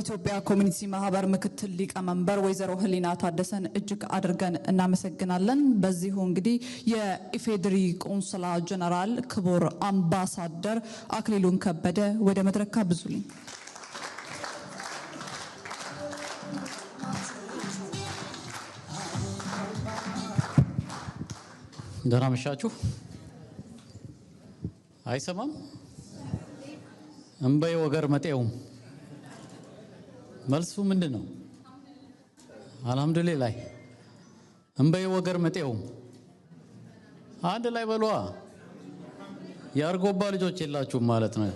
የኢትዮጵያ ኮሚኒቲ ማህበር ምክትል ሊቀመንበር ወይዘሮ ህሊና ታደሰን እጅግ አድርገን እናመሰግናለን። በዚሁ እንግዲህ የኢፌድሪ ቆንስላ ጀነራል ክቡር አምባሳደር አክሊሉን ከበደ ወደ መድረክ ጋብዙልኝ። ደህና መሻችሁ። አይሰማም እምበይ ወገር መጤውም መልሱ ምንድን ነው? አልሐምዱሊላህ እንበይ ወገር መጤው አንድ ላይ በሏ። የአርጎባ ልጆች የላችሁም ማለት ነው።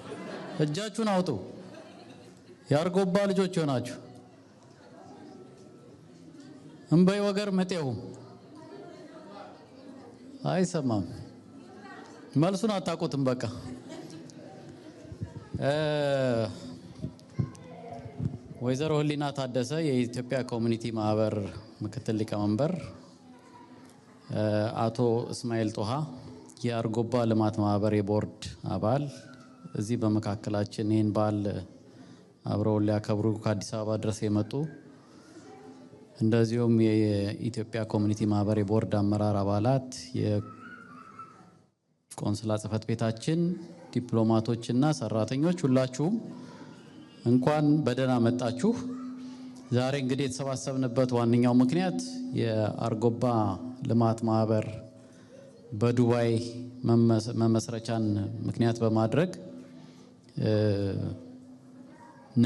እጃችሁን አውጡ። የአርጎባ ልጆች ሆናችሁ እንበይ ወገር መጤው አይሰማም። መልሱን አታቁትም በቃ ወይዘሮ ህሊና ታደሰ የኢትዮጵያ ኮሚኒቲ ማህበር ምክትል ሊቀመንበር፣ አቶ እስማኤል ጦሃ የአርጎባ ልማት ማህበር የቦርድ አባል እዚህ በመካከላችን ይህን በዓል አብረው ሊያከብሩ ከአዲስ አበባ ድረስ የመጡ እንደዚሁም የኢትዮጵያ ኮሚኒቲ ማህበር የቦርድ አመራር አባላት፣ የቆንስላ ጽህፈት ቤታችን ዲፕሎማቶችና ሰራተኞች ሁላችሁም እንኳን በደህና መጣችሁ። ዛሬ እንግዲህ የተሰባሰብንበት ዋነኛው ምክንያት የአርጎባ ልማት ማህበር በዱባይ መመስረቻን ምክንያት በማድረግ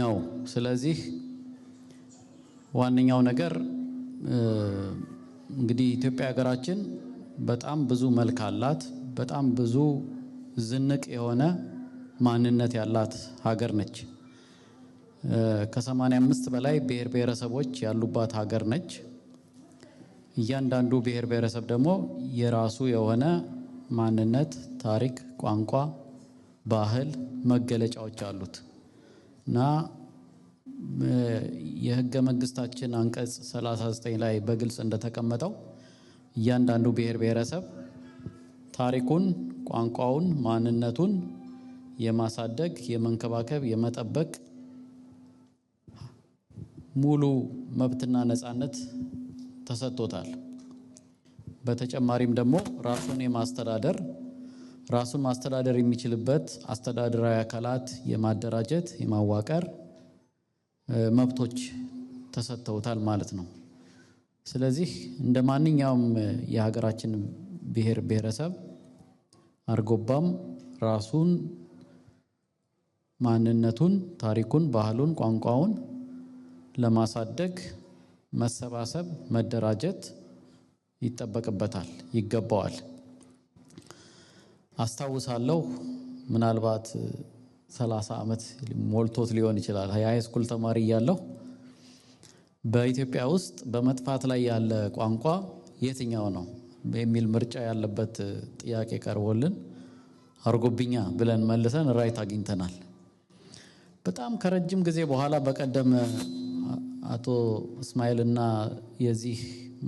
ነው። ስለዚህ ዋነኛው ነገር እንግዲህ ኢትዮጵያ ሀገራችን በጣም ብዙ መልክ አላት። በጣም ብዙ ዝንቅ የሆነ ማንነት ያላት ሀገር ነች። ከ85 በላይ ብሔር ብሔረሰቦች ያሉባት ሀገር ነች። እያንዳንዱ ብሔር ብሔረሰብ ደግሞ የራሱ የሆነ ማንነት፣ ታሪክ፣ ቋንቋ፣ ባህል መገለጫዎች አሉት እና የህገ መንግስታችን አንቀጽ 39 ላይ በግልጽ እንደተቀመጠው እያንዳንዱ ብሔር ብሔረሰብ ታሪኩን፣ ቋንቋውን፣ ማንነቱን የማሳደግ፣ የመንከባከብ፣ የመጠበቅ ሙሉ መብትና ነፃነት ተሰጥቶታል። በተጨማሪም ደግሞ ራሱን የማስተዳደር ራሱን ማስተዳደር የሚችልበት አስተዳደራዊ አካላት የማደራጀት የማዋቀር መብቶች ተሰጥተውታል ማለት ነው። ስለዚህ እንደ ማንኛውም የሀገራችን ብሔር ብሔረሰብ አርጎባም ራሱን ማንነቱን፣ ታሪኩን፣ ባህሉን፣ ቋንቋውን ለማሳደግ መሰባሰብ፣ መደራጀት ይጠበቅበታል፣ ይገባዋል። አስታውሳለሁ ምናልባት ሰላሳ ዓመት ሞልቶት ሊሆን ይችላል። የሃይስኩል ተማሪ እያለሁ በኢትዮጵያ ውስጥ በመጥፋት ላይ ያለ ቋንቋ የትኛው ነው የሚል ምርጫ ያለበት ጥያቄ ቀርቦልን አርጎብኛ ብለን መልሰን ራይት አግኝተናል። በጣም ከረጅም ጊዜ በኋላ በቀደም አቶ እስማኤል እና የዚህ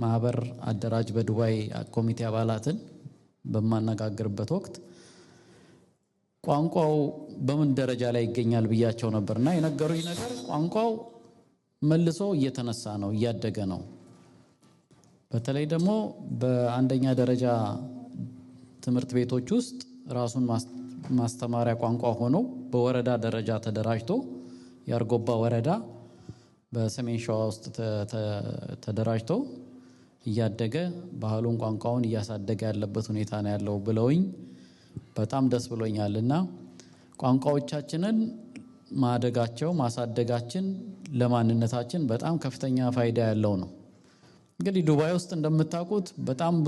ማህበር አደራጅ በዱባይ ኮሚቴ አባላትን በማነጋግርበት ወቅት ቋንቋው በምን ደረጃ ላይ ይገኛል ብያቸው ነበር እና የነገሩኝ ነገር ቋንቋው መልሶ እየተነሳ ነው፣ እያደገ ነው። በተለይ ደግሞ በአንደኛ ደረጃ ትምህርት ቤቶች ውስጥ ራሱን ማስተማሪያ ቋንቋ ሆኖ በወረዳ ደረጃ ተደራጅቶ የአርጎባ ወረዳ በሰሜን ሸዋ ውስጥ ተደራጅቶ እያደገ ባህሉን ቋንቋውን እያሳደገ ያለበት ሁኔታ ነው ያለው ብለውኝ በጣም ደስ ብሎኛል። እና ቋንቋዎቻችንን ማደጋቸው ማሳደጋችን ለማንነታችን በጣም ከፍተኛ ፋይዳ ያለው ነው። እንግዲህ ዱባይ ውስጥ እንደምታውቁት በጣም